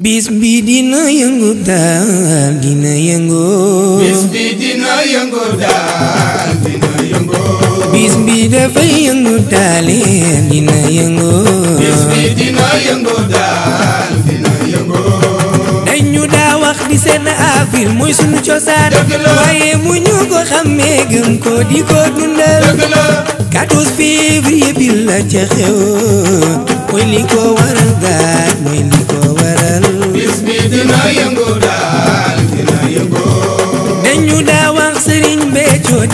bis bi dina yëngu daal dina yëngu. bis bi dina yëngu daal dina yëngu. bis bi dafay yëngu daal dina yëngu. bis bi dina yëngu daal dina yëngu. dañu daa wax di seen avril mooy sunu cosaan. waaye mu ñu ko xamee gëm ko di ko dundal. 14 février bi la ca xew mooy li ko waral daal mooy li.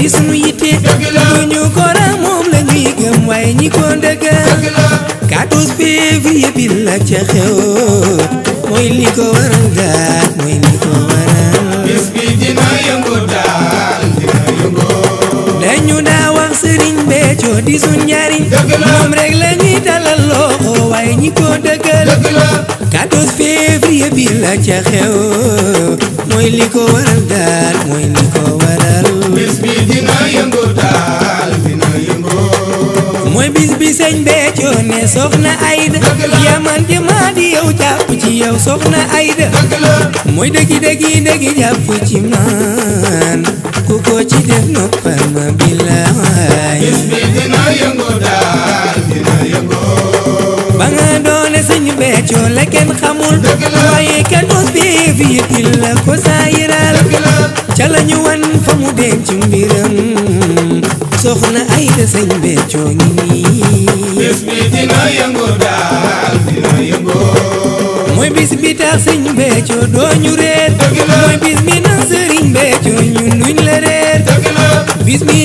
ci sunu yitte bu ñu ko rax moom la ñuy gëm waaye ñi ko dëggal 14 février bi la ca xew mooy li ko waral daal mooy li ko waral bis bi dina yëngu daal dina yëngu dañu daa wax sëriñ Béthio di sun njariñ moom rek la ñuy dalal loxo waaye ñi ko dëggal 14 février bi la ca xew mooy li ko waral daal mooy li ko waral bis bi dina yëngu daal mooy bis bi sëñ Béthio ne soxna Aida yaman jëmaa di yow jàpp ci yow soxna Aida mooy dëggi dëggi jàpp ci man ku ko ci def noppal ma billaay bis bi dina yëngu daal dina yëngu ba nga doone sëñ Béthio la kenn xamul waaye kenn mos bi fi la ko saayira ca lañu wan fa mu denc mbiram soxna ay sëñ beccoo ngi nii bés bi dina yëngu daal dina yëngu mooy bis bi sëñ beccoo doo reer mooy bis na sëriñ beccoo ñun duñ la reer bis bi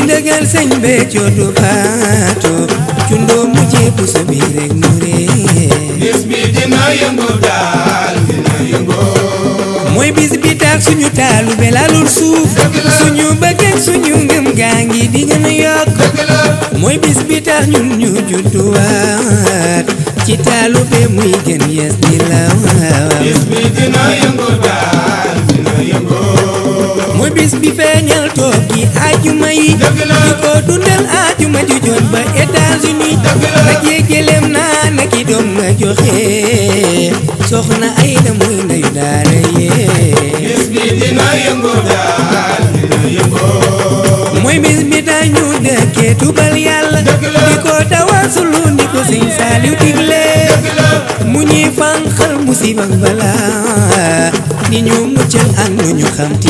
sëñ beccoo du faato cundoo mu ceebu sa biir rek mu reer bis bi dina yëngu daal ak suñu taalu be laalul suuf suñu bëgg ak mooy bis bi tax ñun ñu judduwaat ci taalu be bi dina yëngu yi di dundal ajuma ju jot ba États-Unis nag yéegeleem naa na ki doom na joxe soxna ay da muy nayu daara dina mooy bis bi dañu dëkkee tubal yàlla di ko tawasulu di ko sëñ Saaliw digle mu ñuy fànqal musiba balaa di ñu muccal ak nu ñu xam ti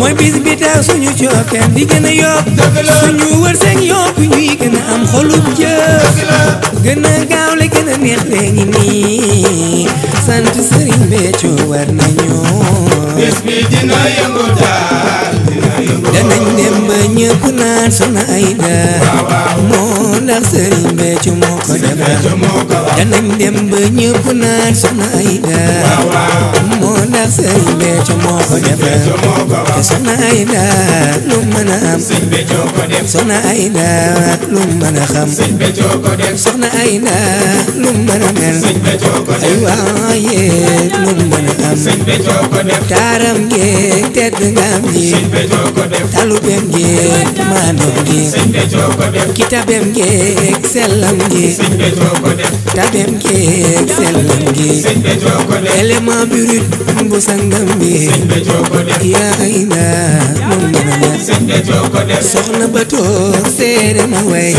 mooy bis bi suñu coofeel di gën a yokk suñu wërsëg yokk ñuy gën a am xolub jë gën a gaaw la gën a neex léegi nii sant sëriñ Béthio war nañu bés bi dina yëngu daal danañ dem ba ñëpp naan Soxna Aida moo ndax sëriñ Béthio moo ko defar danañ dem ba ñëpp naan soxna Aida moo ndax sëñ Béthio moo ko defar te soxna Aida lu mën a am soxna Aida lu mën a xam soxna Aida lu mën a mel ay waaye lu mën a am taaram gi tedd ngaam gi talubeem gi maandoom gi kitabeem gi sellam gi sabeem geeg sellam gi élément brut bu sangam bi yaa indaa moom mën a mat soxna batoor seere ma way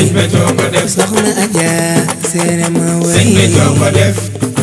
soxna ajaa seere ma way